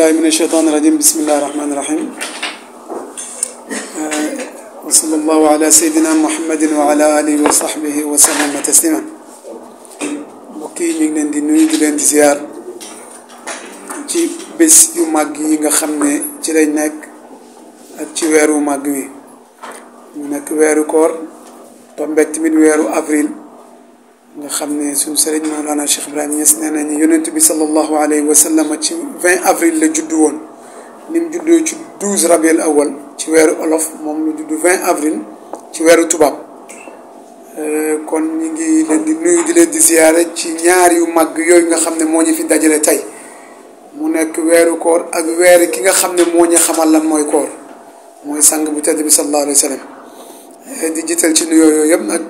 billahi min asheytaan irajim bismillahi rahmaani rahim wa sallallahu ala sayidina muhammadin wa ala alihi wa sahbihi wa sallama taslima mbokk yi ñu ngi leen di nuyu di leen di ziar ci bés yu màgg yi nga xam ne ci lañ nekk ak ci weeru màgg wi mu nekk weeru koor tombeek tamit weeru avril xam ne suñu sëriñ Maolana Cheikh Ibrahima Niass nee nañu yonent bi sallallahu alayhi wa sallam ci 20 avril la judd woon ni mu juddoo ci 12 rabiul awal ci weeru olof moom lu judd 20 avril ci weeru tubaab euh, kon ñu ngi leen di nuyu di leen di ziyaare ci ñaar yu mag yooyu nga xam ne moo ñu fi dajale tey mu nekk weeru koor ak weer ki nga xam ne moo ñu xamal lan mooy koor mooy sang bu tedd bi sallallahu alayhi wa sallam euh, jiital ci nuyoo yooyu yëpp nag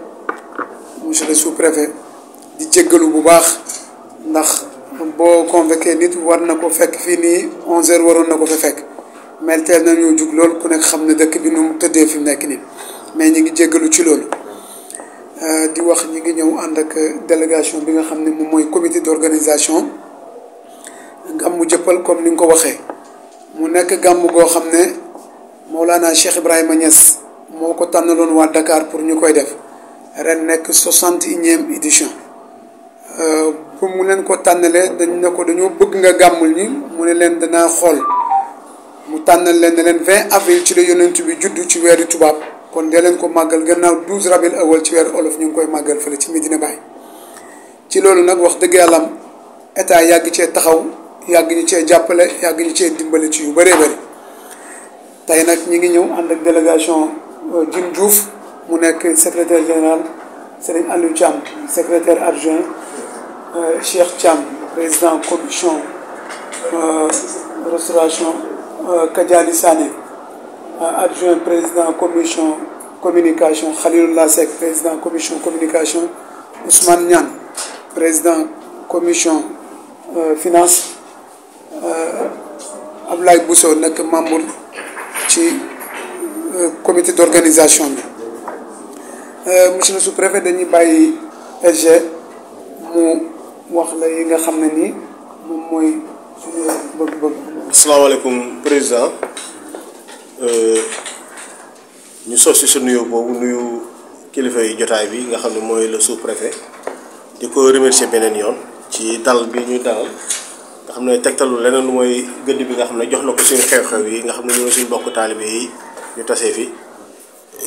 monsieur le sous-préfet di jéggalu bu baax ndax boo convoqué nit war na ko fekk fii nii onze heures waroon na ko fa fekk mais teel na ñu jug lool ku nekk xam ne dëkk bi nu mu tëddee fi mu nekk nii mais ñi ngi jéggalu ci loolu euh, di wax ñi ngi ñëw ànd ak délégation bi nga xam ne moom mooy comité d'organisation gàmmu jëppal comme ni nga ko waxee mu nekk gàmm goo xam ne laa Mawlana Cheikh Ibrahima ñes moo ko tànnaloon waa Dakar pour ñu koy def ren nekk soixante et unième édition Euh, pour mu leen ko tànnalee dañ ne ko dañoo bëgg nga gàmmul ñi mu ne leen danaa xool mu tànnal leen ne leen 20 avril ci la yonent bi juddu ci weeru tubaab kon dee leen ko màggal gannaaw 12 rabil awal ci weeru olof ñu ngi koy màggal fële ci mi Medina Baye ci loolu nag wax dëgg yàlla am état yàgg cee taxaw yàgg ñu cee jàppale yàgg ñu cee dimbale ci yu bëree bëri tey nag ñi ngi ñëw ànd ak délégation euh, Jim juuf mu nekk secrétaire général Serigne Aliou Thiam secrétaire adjoint Euh, Cheikh Thiam président commission euh, restauration euh, Kadiani Sané adjoint président commission communication Khalilullah Seck président commission communication Ousmane Niane président commission finance Ablaye Bousso nekk membre ci comité d'organisation bi monsieur le sous-préfet dañuy bàyyi SG mu wax la yi nga xam ne nii moom mooy suñu bëgg-bëgg. asalaamaaleykum président euh, ñu sos si sa nuyoo boobu nuyu kilifa yi jotaay bi nga xam ne mooy la sous-préfet di ko remercier beneen yoon ci dal bi ñuy dalal nga xam ne tegtalu leneen lu mooy gëdd bi nga xam ne jox na ko suñu xew-xew yi nga xam ne ñoo suñu bokk taalibe yi ñu tasee fi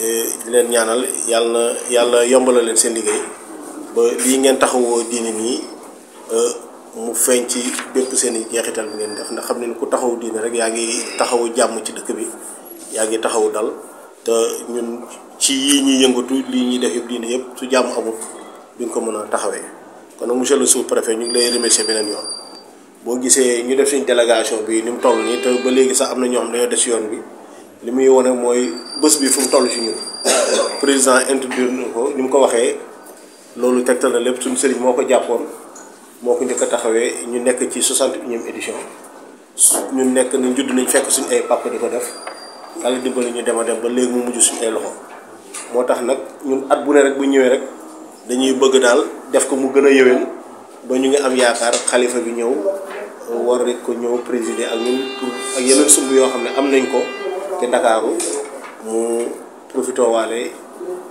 euh, leen ñaanal yàlla na yàlla yombalal leen seen liggéey ba lii ngeen taxawoo diine nii Euh, mu feeñ ci bépp seen i jeexital bi ngeen def ndax xam ne ku taxawu diine rek yaa ngi taxawu jàmm ci dëkk bi yaa ngi taxawu dal te ñun ci yii ñuy yëngatu lii ñuy def yëpp diine yëpp su jàmm amul duñ ko mën a taxawee kon nag monsieur le sous-préfet ñu ngi lay remercier beneen yoon boo gisee ñu def suñ délégation bi ni mu toll nii te ba léegi sax am na ñoo xam dañoo des si yoon bi li muy wane mooy bés bi fu mu toll si ñun président introduire ko ni mu ko waxee loolu tegtal na lépp suñu sëriñ moo ko jàppoon moo ko njëkk a taxawee ñu nekk ci 61e édition ñu nekk ni judd nañ fekk suñu ay papa di ko def yàlla dimbali ñu dem a dem ba léegi mu mujj suñu ay loxo moo tax nag ñun at bu ne rek bu ñëwee rek dañuy bëgg daal def ko mu gën a yëwén ba ñu ngi am yaakaar xalifa bi ñëw war rek ko ñëw présider ak ñun pour ak yeneen sumb yoo xam ne am nañ ko te ndakaaru mu profité waale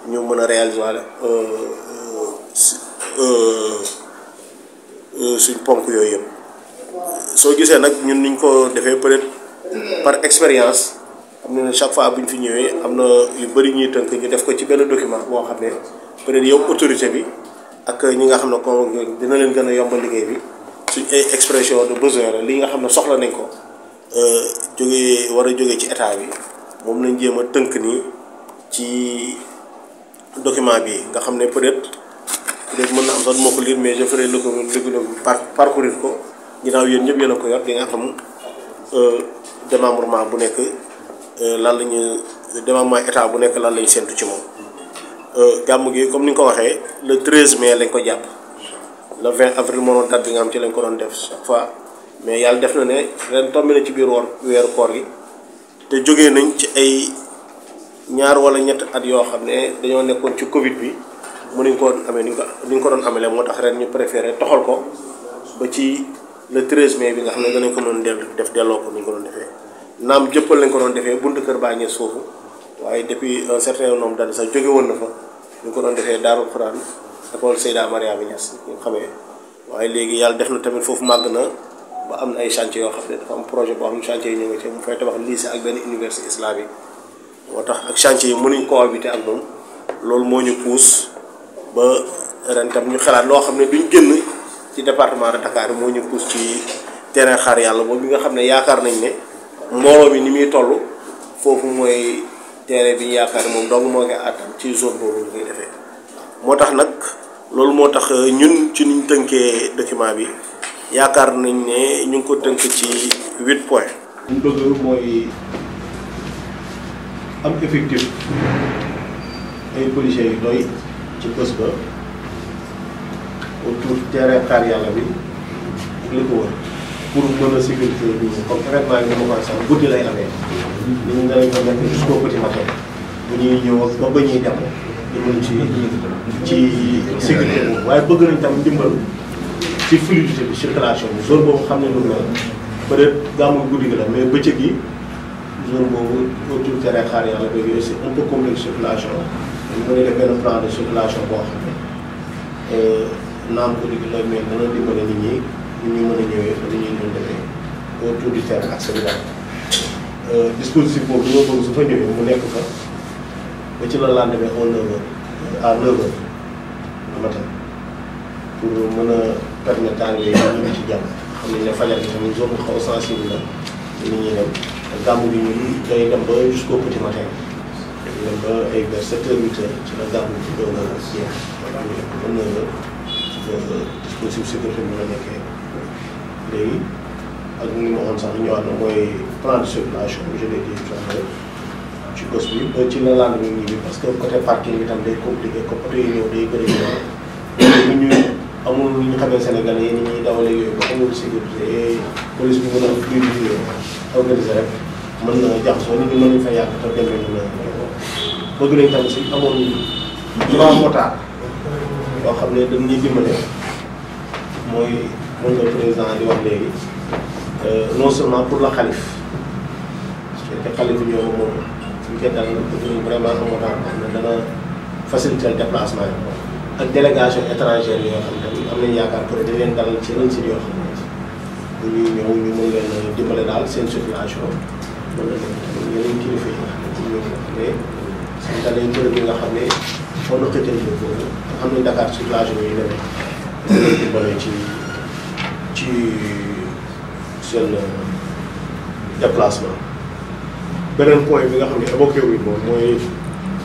ñu mën a réaliser waale euh, euh, Euh, suñ ponk yooyu yëpp soo gisee nag ñun niñ ko defee peut-être par expérience xam na ne chaque fois bu ñu fi ñëwee am na yu bëri ñuy tënk ñu def ko ci benn document boo xam ne peut-être yow autorité bi ak ñi nga xam ne ko dina leen gën a yombal liggéey bi suñ ay expression de besoin la li nga xam ne soxla nañ ko euh, jógee war a jógee ci état bi moom lañ jéem a tënk nii ci document bi nga xam ne peut léegi mën na am sax du ma ko lire mais je ferai le ko par parcourir ko ginnaaw yéen ñëpp yéen ko yor di nga xam euh, démembrement bu nekk euh, lan la ñu démembrement état bu nekk lan la ñu séntu ci moom. Euh, gàmm gi comme ni nga ko waxee le 13 mais lañ ko jàpp le 20 avril moo doon date bi nga xam ci lañ ko doon def chaque fois mais yàlla def na ne ren tombé na ci biir woor weeru koor gi te jógee nañ ci ay ñaar wala ñett at yoo xam ne dañoo nekkoon ci Covid bi. mënuñ ko doon amee ni ñu ko ni ñu ko doon amalee moo tax ren ñu préféré toxal ko ba ci le 13 mai bi nga xam ne danañ ko doon dellu def delloo ko ni ñu ko doon defee naam jëppal lañ ko doon defee buntu kër baa ngeen suufu waaye depuis un certain nombre d'années sax jóge woon na fa ñu ko doon defee Daaru Xuraan école Seyda Mariama Niass ñu xamee waaye léegi yàlla def na tamit foofu màgg na ba am na ay chantier yoo xam ne projet boo xam ne chantier yi ñu ngi ci mu fay tabax lycée ak benn université islamique moo tax ak chantier yi mënuñ cohabiter ak moom loolu moo ñu pousse ba ren tam ñu xalaat loo xam ne duñ génn ci département de Dakar moo ñu pousse ci terrain xaar yàlla boobu nga xam ne yaakaar nañ ne mbooloo bi ni muy toll foofu mooy terrain bi ñu yaakaar moom dong moo ngi ci zone boobu moo tax nag loolu moo tax ñun ci niñ tënkee document bi yaakaar nañ ne ñu ngi ko tënk ci huit points. li mu bëgg mooy am effectif ay policiers yu doy. ci bés ba autour terrain xaar yàlla bi ak li ko wër pour mën a sécurité bi comme événement yi dama koy sax guddi ñu ko nekk jusqu'au petit bu ñuy ñëw ba ba ñuy dem ñu mën ci ci sécurité boobu waaye bëgg nañ tam ndimbal ci fluidité bi circulation bi zone xam ne lu la peut-être gàmmul guddi gi la mais bëccëg yi zone autour terrain xaar yàlla bi aussi un peu complexe circulation dañu mën a def benn plan de circulation boo xam ne euh, naam ko digg la mais dana dimbale nit ñi ñu ñu mën a ñëwee ba ni ñuy mën defee autour du terrain ak euh, bëgg su fa ñëwee mu nekk fa ba ci la laa demee au 9h euh, à 9h pour mën a permettre tàngoor yi ñu ngi ci jàmm xam nañ ne fajar gi tamit zone xaw sensible la nit ñi dem gàmm bi ñu day dem ba jusqu'au petit matin. dem ba ay vers sept heures huit heures ci la gàmmu bi doon na jeex mën na la boobu dispositif sécurité bi la nekkee léegi ak ni ma waxoon sax ñëwaat na mooy plan de circulation je l'ai dit tout à ci bés bi ba ci la laal nit ñi parce que côté parking bi tam day compliqué ko côté yi ñëw day bëri ñu ñu amul ñu xamee Sénégal yi ni ñuy dawalee yooyu ba amul sécurité police bi mën a fluide organiser rek mën na jaxasoo nit ñi mën nañu fa bëgg nañ tam si amoon trois motards yoo xam ne dañ ñuy dimbale mooy moo la président di wax euh, pour la xalif parce que xalif ñoo moom suñ koy dal bëgg nañ vraiment un motard yi ak délégation étrangère yoo xam nañ ci yeneen sit ñëw ñu mën leen dimbale daal seen situation mën na leen suñ dalee bërëb yi nga xam ne foo na xëtal foofu nga xam ne Dakar ci ci seen euh, déplacement beneen point bi nga xam ne évoqué wuñ moom mooy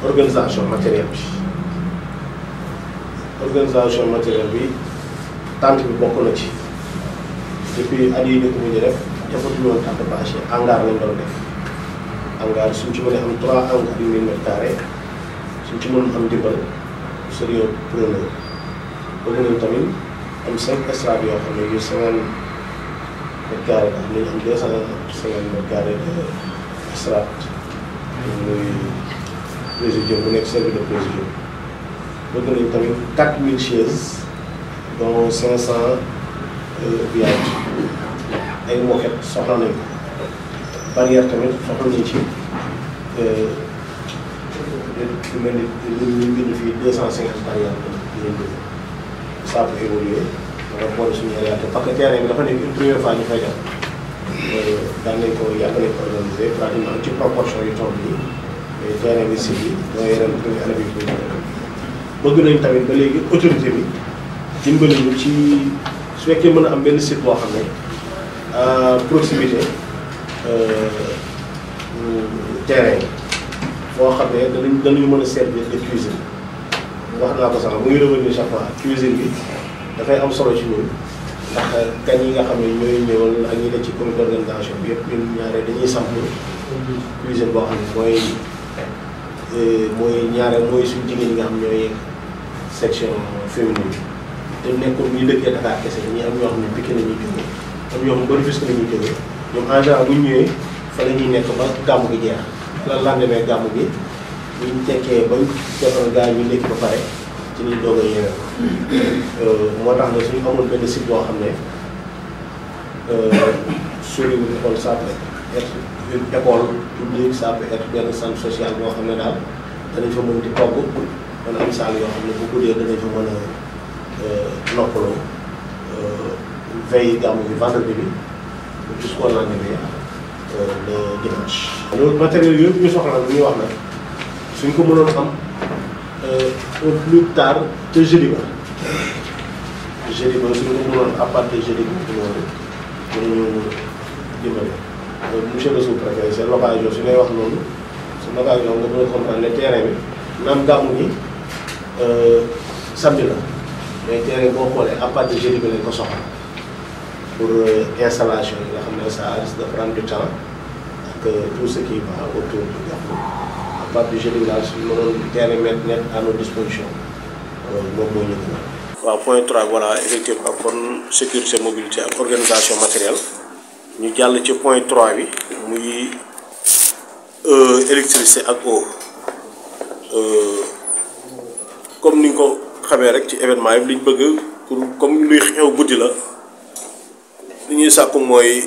organisation matériel bi organisation matériel bi tente bi bokk na ci depuis at yi ñu ko mujj def defatul woon tente bâche yi doon def hangar suñ ci mënee am trois hangars yu mille mètres carrés suñ ci mënul am dimbal sérieux preneur bëgg nañ tamit am cinq estrade yoo xam ne yu cinquante mètres carrés la nañu am deux cent cinquante mètres carrés de estrade muy présidium bu nekk service de présidium bëgg nañ tamit quatre mille chaises dont cinq cent euh, VIP ay moquette soxla nañ ko barrière tamit waxoon nañu ci lu mel ni lu ñu bind fii deux cent cinquante barrière dinañ ko saa bu évolué maanaam suñu réalité parce que terrain bi dafa nekk une première fois ñu fay def euh, ko yàgg nañ ko organisé pratiquement ci proportion bëgg nañ tamit ba léegi autorité bi dimbali ñu ci su fekkee mën a am benn site boo xam ne proximité Euh, terrain boo xam ne danañ danañu mën a servir de cuisine wax naa ko sax mu ngi revenir chaque fois cuisine bi dafay am solo ci ñun ndax gan yi nga xam ne ñooy ñëwal ak ñi ne ci comité d'organisation bi yëpp ñun ñaare dañuy samp cuisine boo xam ne mooy euh, mooy ñaareel mooy suñu jigéen ñi nga xam ñooy section féminine bi te nekkoon ñu dëkkee Dakar kese dañuy am ñoo xam ne Pikine la jógee am ñoo xam ne Rufisque la jógee ñoom en général bu ñu ñëwee fa la ñuy nekk ba gàmm gi jeex lan lan demee gàmm gi ñu tekkee ba jotoon gars ñu lekk ba pare ci liñ doog a yeewee euh, moo tax na suñu amoon benn site boo xam ne euh, soriwul école ça peut être une école publique ça peut benn centre social boo xam ne daal danañ fa mën di togg mën a am saal yoo xam ne bu guddee danañ fa mën a euh, noppaloo veille gàmm gi vendredi bi. jusqu'au lendemain le dimanche. loolu matériel yooyu ñu soxla nag ñu wax na suñ ko mënoon am euh, au plus tard te jeudi ba jeudi ba suñ ko mënoon à partir jeudi bi loolu dinañu dimbali. Euh, monsieur le sous-préfet seen occasion su ngay wax noonu seen occasion nga mën a comprendre ne terrain bi naam gàmmu gi euh, samedi la mais terrain boo xoolee à partir jeudi ba lañ ko soxla. pour euh, installation yi nga xam ne ça risque de prendre du temps ak euh, tout ce qui autour du Gamou à part du jeudi daal suñu a net à nos dispositions loolu moom point 3 voilà effectivement sécurité mobilité ak organisation matérielle ñu jàll ci point 3 bi muy euh, électricité ak eau comme ni nga ko xamee rek ci événement yi liñ bëgg pour comme luy xew guddi la. li ñuy sàkku mooy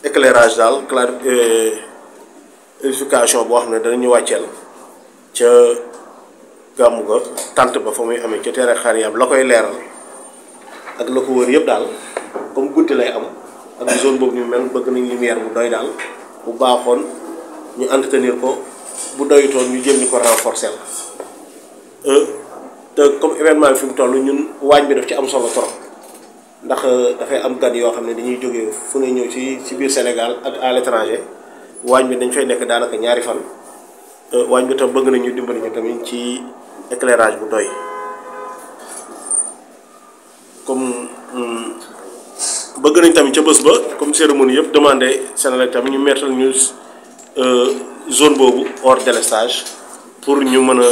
éclairage daal clarification euh, boo xam ne danañu wàcceel ca gàmmu ga tànt ba fa muy amee ca teere xaar la koy leeral ak la ko wër yëpp daal comme guddi lay am ak zone boobu ñu mel bëgg nañ lumière bu doy daal bu baaxoon ñu entretenir ko bu doyutoon ñu jéem ñu ko renforcer la euh, te comme événement bi fi mu toll ñun waañ bi def ci am solo trop ndax euh, dafay am gan yoo xam ne dañuy jógee fu ne ñëw ci ci biir Sénégal ak à l'étranger waañ bi dañ fay nekk daanaka ñaari fan euh, waañ bi tam bëgg nañu dimbali ñu tamit ci éclairage bu doy comme hmm, bëgg nañ tamit ca bés ba comme cérémonie yëpp demandé Sénégal tamit ñu mettal ñu euh, zone boobu hors délestage pour ñu mën a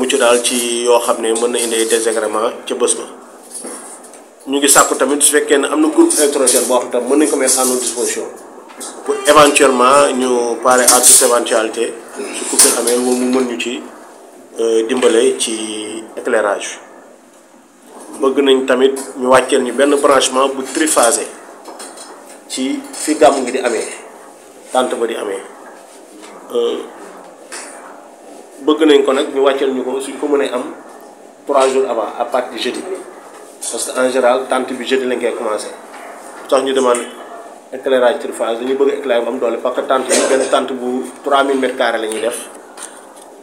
mucc daal ci yoo xam ne mën na indi désagrément ca bés ba ñu ngi sàkku tamit su fekkee ne am na groupe électrogène boo xam tam mën nañ ko mettre à notre disposition pour éventuellement ñu pare à toute éventualité su ko amee moom mu mën ñu ci euh, dimbale ci éclairage bëgg nañ tamit ñu wàcceel ñu benn branchement bu triphasé ci fi gàmm ngi di amee tànt ba di amee euh, bëgg nañ ko nag ñu wàcceel ñu ko suñ ko mënee am trois jours avant à partir de jeudi parce que en général tente bi jeudi lañ koy commencé sax ñu demande éclairage surface dañu bëgg éclairage bu am doole parce que tente bi bu 3000 mètres carrés la ñuy def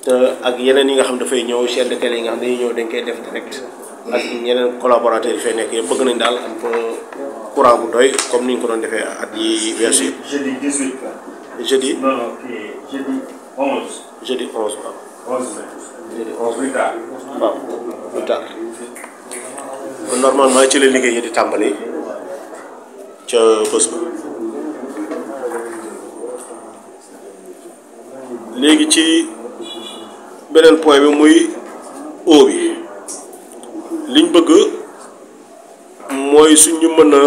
te ak yeneen yi nga xam dafay ñëw chaîne de yi nga xam dañuy ñëw dañ koy def direct. ak yeneen collaborateurs yi fay nekk yëpp bëgg nañ daal am ko courant bu doy comme ni ñu ko doon defee ak yi weesu yëpp. jeudi 18 la. jeudi non non jeudi 11. waaw. waaw normalement ci la liggéey yi di tàmbali ca bés léegi ci beneen point bi muy eau bi liñ bëgg mooy suñu mën a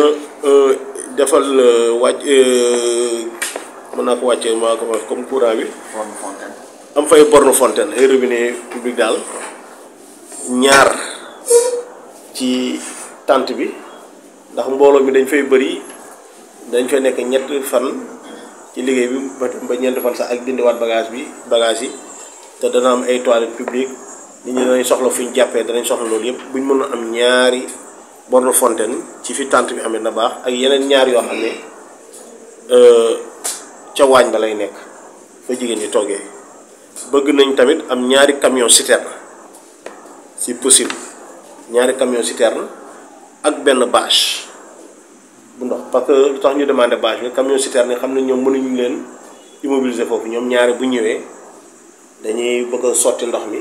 euh, defal euh, wàcc euh, mën naa ko wàccee maa ko wax comme courant bi. am fay borne fontaine ay robinet public daal ñaar. ci tànt bi ndax mbooloo mi dañ fay bari dañ fee nekk ñett fan ci liggéey bi ba ñeenti fan sax ak dindiwaat bagage bi bagage yi te dana am ay toilettes publiques nit ñi danañ soxla fu ñu jàppee danañ soxla loolu yëpp bu ñu am ñaari borne fontaine ci fi tànt bi amee na baax ak yeneen ñaar yoo xam ne euh, ca waañ ba lay nekk fa jigéen ñi toggee bëgg nañ tamit am ñaari camion citerne si possible ñaari camion citerne ak benn bâche bu ndox parce que lu tax ñu demandé bâche bi camion citerne yi xam ne ñoom mënuñu leen immobiliser foofu ñoom ñaari bu ñëwee dañuy bëgg a sotti ndox mi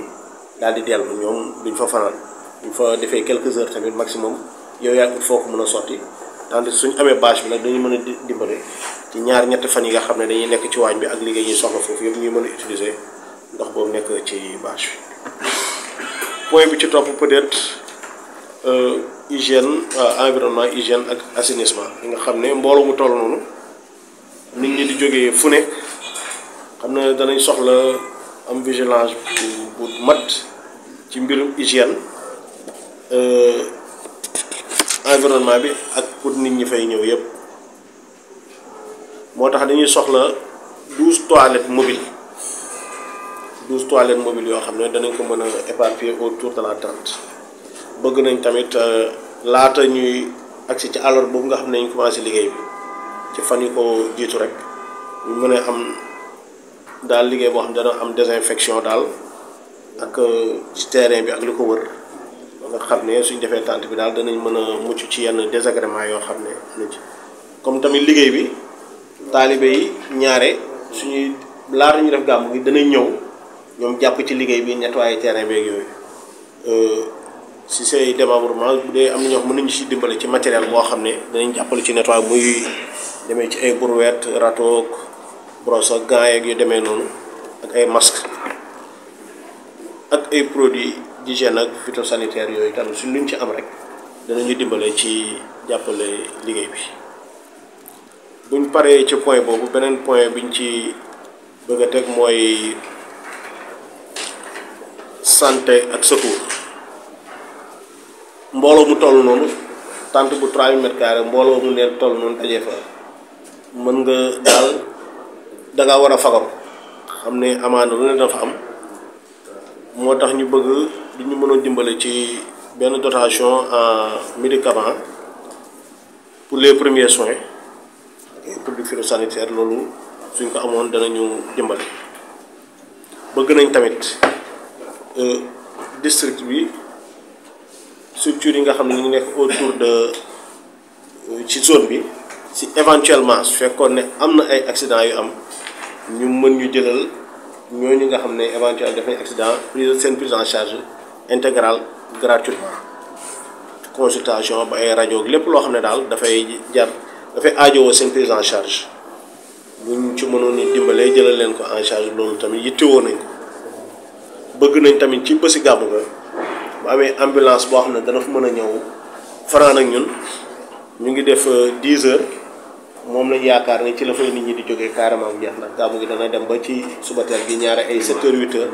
daal di dellu ñoom duñ fa fanaan duñ fa defee quelques heures tamit maximum yow yaa ngi mën a sotti tandis suñ amee bâche bi nag dañu mën a di dimbale ci ñaar ñetti fan yi nga xam ne dañuy nekk ci waañ bi ak liggéey ñuy soxla foofu yëpp ñuy mën a utiliser ndox boobu nekk ci bâche bi ci topp peut-être Euh, hygiène euh, environnement hygiène ak assainissement yi nga xam ne mbooloo mu toll noonu nit ñi di jóge fu ne xam ne danañ soxla am vigilance bu bu mat ci mbirum hygiène euh, environnement bi ak pour nit ñi fay ñëw yépp moo tax dañuy soxla douze toilettes mobiles douze toilettes mobiles yoo xam ne danañ ko mën a éparpiller autour de la tente bëgg nañ tamit euh, laata ñuy agsi ci alors boobu nga xam ne ñu commencé liggéey bi ci fan yu ko jiitu rek ñu mën a am daal liggéey boo xam ne dana am désinfection daal ak euh, ci terrain bi ak lu ko wër nga xam ne suñ defee tente bi daal danañ mën a mucc ci yenn désagrément yoo xam ne am ci comme tamit liggéey bi taalibe yi ñaare suñuy laata ñu def gàmm gi danañ ñëw ñoom jàpp ci liggéey bi nettoyé teree beeg yooyu euh, si say démembrement bu dee am na ñoo mën nañu si dimbale ci matériel boo xam ne danañ jàppale ci nettoyage muy demee ci ay brouette râteau brosse ak gants demee noonu ak ay masque ak ay produits d'hygiène ak phytosanitaire yooyu tam si luñ ci am rek danañu dimbale ci jàppale liggéey bi buñ paree ci point boobu beneen point ñu ci bëgg a teg mooy santé ak secours mbooloo mu toll noonu tant bu 3000 mètres carrés mbooloo mu ne toll noonu dajee fa mën nga daal da war a fagaru xam ne amaana lu ne dafa am moo tax ñu bëgg du ñu mënoon dimbale ci benn dotation en médicament pour les premiers soins production sanitaire loolu suñ ko amoon danañu dimbale bëgg nañ tamit euh, district bi. structures yi nga xam ne ñu ngi nekk autour de euh, ci zone bi si éventuellement su fekkoon ne am na ay accident yu am ñu mën ñu jëlal ñooñu nga xam ne éventuellement def nañ accident seen prise en charge intégrale gratuitement consultation ba ay rajo lépp loo xam ne daal dafay jar dafay aajowoo seen prise en charge buñ ci mënoon ni dimbalee jëlal leen ko en charge loolu tamit yittewoo nañ ko bëgg nañ tamit ci bési gàmmu ga bu amee ambulance boo xam ne dana fa mën a ñëw fanaan ak ñun ñu ngi def 10 euh, heures moom lañ yaakaar ne ci la fay nit ñi di jógee carrément jeex na gàmmu gi dana dem ba ci suba teel gi ñaare ay 7 heures 8 heures.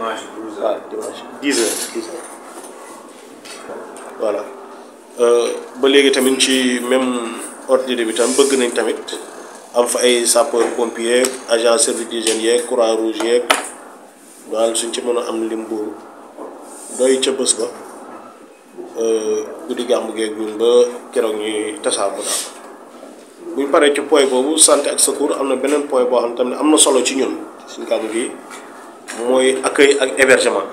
waaw dimanche 10 heures 10 heures voilà euh, ba léegi tamit ci même ordre d'idée bi tam bëgg nañ tamit am fa ay sapeur pompier agent service di d'hygiène yeeg croix rouge yeeg daal suñ ci mën a am lim bu doy ca bés ba. Euh, guddi gàmmu gee gun ba keroog ñuy tasaabu daal bu ñu paree ci point boobu santé ak secours am na beneen point boo xam ne am na solo ci ñun suñu gàmmu gi mooy accueil ak hébergement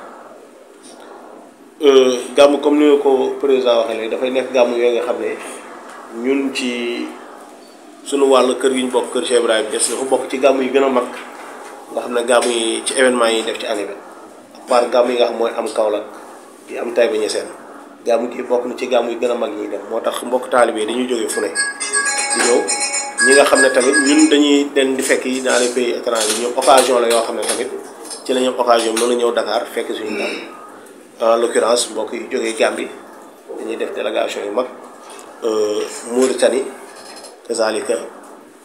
euh, gàmmu comme ni ko président waxee léegi dafay nekk gàmmu yooyu nga xam ne ñun ci suñu wàll kër gi ñu bokk kër Cheikh Ibrahima des dafa bokk ci gàmmu yi gën a mag nga xam ne gàmmu yi ci événement yi def ci année bi à part gàmmu yi nga xam mooy am Kaolack di am Taïba Niassène gàmmu gi bokk na ci gàmmu yi gën a mag ñuy dem moo tax mbokk taalibe dañuy jógee fu ne di ñëw ñi nga xam ne tamit ñun dañuy dem di fekk yi dans les pays étrangers ñoom occasion la yoo xam ne tamit ci la ñu occasion mën a ñëw Dakar fekk suñu gàmm en mbokk yi jógee Gambie dañuy def délégation yu mag euh, Mauritanie kazalika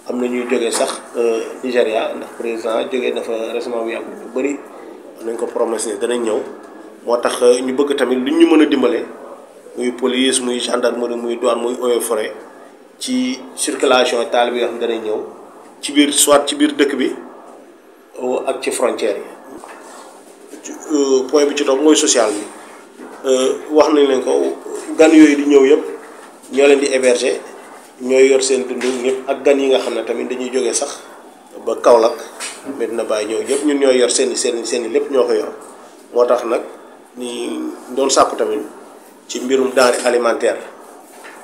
am na ñuy jógee sax euh, Nigéria ndax président jógee na fa récemment bu yàgg bu bëri nañ ko promesse ne danañ ñëw moo tax euh, ñu bëgg tamit lu ñu mën a dimbale muy police muy gendarmerie muy douane muy eaux et forêt ci circulation taalibe yoo xam danañ ñëw ci biir soit ci biir dëkk bi euh, ak ci frontières yi. Euh, point bi ci toog mooy social bi wax nañ leen ko gan yooyu di ñëw yëpp ñoo leen di héberger ñoo yor seen dund ñëpp ak gan yi nga xam ne tamit dañuy jógee sax ba kaw Kaolack na Baye ñëw yëpp ñun ñoo yor seen seen seen i lépp ñoo ko yor moo tax nag. ni doon sàkku tamit ci mbirum denrée alimentaire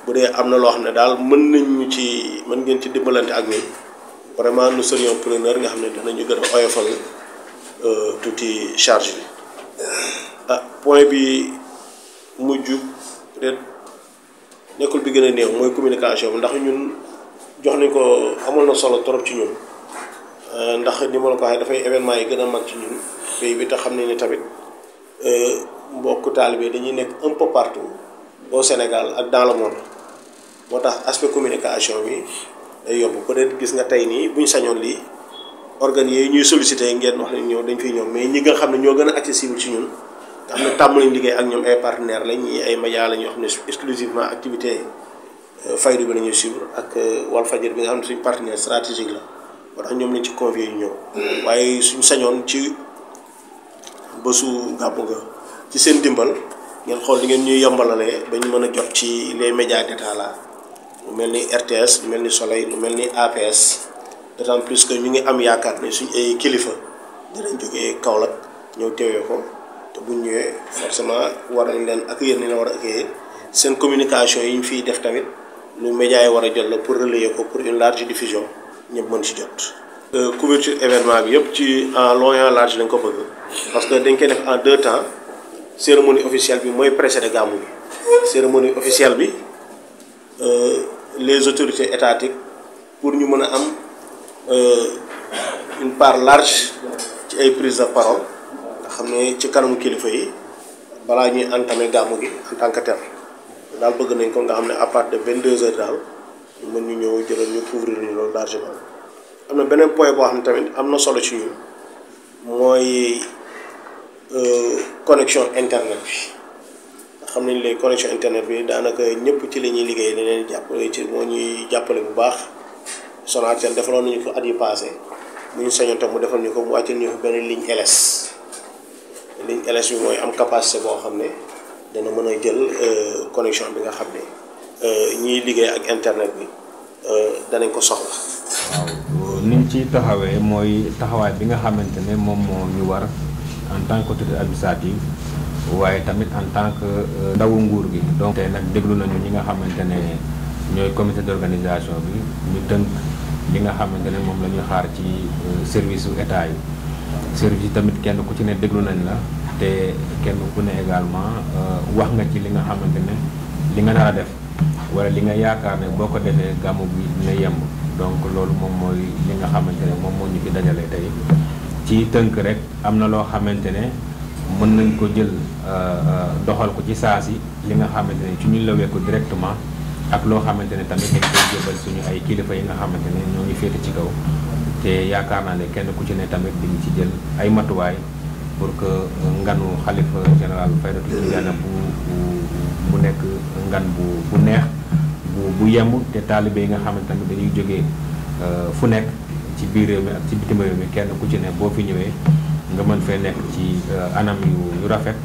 bu dee am na loo xam ne daal mën nañ ci mën ngeen ci dimbalante ak ñun vraiment nous serions preneurs nga xam ne dinañu gën a oyofal euh, tuuti charge bi ah point bi mujj peut nekkul bi gën a néew mooy communication bi ndax ñun jox nañ ko amal na solo trop ci ñun euh, ndax ni ma la ko waxee dafay événement yi gën a mag ci ñun pays bi te xam ne ni tamit Euh, mbokk taalibe dañuy nekk un peu partout boo Sénégal ak dans le moo tax aspect communication bi day yomb peut gis nga tey nii bu ñu sañoon lii organes yi ñuy sollicité ngeen wax ne ñëw dañ fiy ñëw mais ñi nga xam ne ñoo gën a ci ñun nga xam tàmm nañ liggéey ak ñoom ay partenaires lañ ay médias la ñoo xam ne exclusivement activité euh, faydu bi la ñuy suivre ak euh, Walfadjri bi nga am ne suñ partenaire stratégique la moo tax ñoom lañ ci convier ñu ñëw mm. waaye suñ sañoon ci bésu gàmmu ga ci seen dimbal ngeen xool li ngeen ñuy yombalalee ba ñu mën a jot ci les médias d'état là lu mel ni RTS lu mel ni Soleil lu mel ni APS d'autant plus que ñu ngi am yaakaar nañ suñ ay kilifa dinañ jógee Kaolack ñëw teewee ko te bu ñëwee forcément war nañ leen accueillir ni la war a accueillir seen communication yi ñu fiy def tamit lu médias yi war a jot la pour relayer ko pour une large diffusion ñëpp mën si jot. Euh, couverture événement bi yëpp ci en long large lañ ko bëgg parce que dañ koy def en de temps cérémonie officielle bi mooy précédé gàmmu bi cérémonie officielle bi euh, les autorités étatiques pour ñu mën a am euh, une part large ci ay prise de parole nga xam ne ci kanamu kilifa yi balaa ñuy entamé gàmmu gi en tant que tel daal bëgg nañ ko nga xam ne à partir de 22 heures daal mën ñu ñëw jëlal ñu couvrir ñu loolu largement am na beneen point boo xam ne tamit am na solo ci ñun mooy euh, connexion internet bi xam nañ léegi connexion internet bi daanaka ñëpp ci li ñuy liggéey dañ leen jàppale moo ñuy jàppale bu baax Sonatel defaloon nañu ko at yi passé bu ñu mu defal ñu ko mu wàccal ñu ko benn ligne LS ligne LS bi mooy am capacité boo xam ne dana mën a jël euh, connexion bi nga xam ne euh, ñuy liggéey ak internet bi danañ ko soxla ni ñu ciy taxawee mooy taxawaay bi nga xamante ne moom moo ñu war en tant que autorité administrative waaye tamit en tant que euh, ndawu nguur gi donc nag déglu nañu ñi nga xamante ne ñooy comité d'organisation bi ñu tënk li nga xamante ne moom la ñuy xaar ci euh, service su état yi service yi tamit kenn ku ci ne déglu nañ la te kenn ku ne également euh, wax nga ci li nga xamante ne li nga nar a def wala li nga yaakaar ne boo ko defee gàmmu bi dina yemb donc loolu moom mooy li nga xamante ne moom moo ñu fi dajalee tey ci tënk rek am na loo xamante ne mën nañ ko jël euh, euh, doxal ko ci saa si li nga xamante ne ci ñun la wekku directement ak loo xamante ne tamit dañ koy jébal suñu ay kilifa yi nga xamante ne ñoo ngi féete ci kaw te yaakaar naa ne kenn ku ci ne tamit di ci jël ay matuwaay pour que euh, nganu xalifa général Faydatou Tidiane bu bu nekk ngan bu bu neex bu bu yemm te taalibe yi nga xamante tamit dañuy jógee euh, fu nekk ci biir réew mi ak ci bitim réew mi kenn ku ci ne boo fi ñëwee nga mën fee nekk ci euh, anam yu yu rafet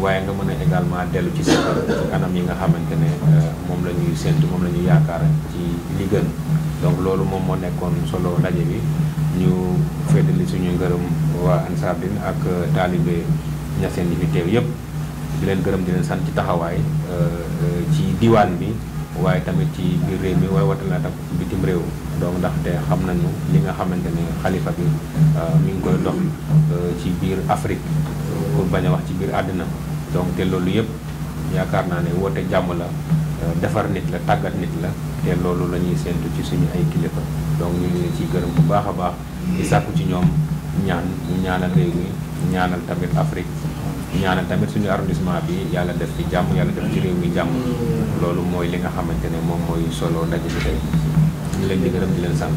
waaye nga mën a également dellu ci sa anam yi nga xamante ne euh, moom la ñuy séntu moom la yaakaar ci li gën donc loolu moom moo nekkoon solo ndaje bi ñu féddali suñu ngërëm waa Ansaar Dine ak taalibe ñaseen yi fi teew yëpp di leen gërëm di sant ci taxawaay ci diwaan bi waaye tamit ci biir réew mi waaye wata naa tam bitim réew donc ndax te xam nañu li nga xamante ni xalifa bi euh, mi ngi koy dox euh, ci biir Afrique euh, pour bañ a wax ci biir àddina donc te loolu yëpp yaakaar naa ne woote jàmm la defar nit la tàggat nit la te loolu la ñuy séentu ci suñu ay kilifa donc ñu gërëm bu baax a baax di sàkku ci ñoom ñaan ñaanal réew mi ñaanal tamit Afrique ñaana tamit suñu arrondissement bi yàlla def fi jàmm yàlla def ci réew mi jàmm loolu mooy li nga xamante ne moom mooy solo ndaje bi tey ñu leen di gërëm di leen sant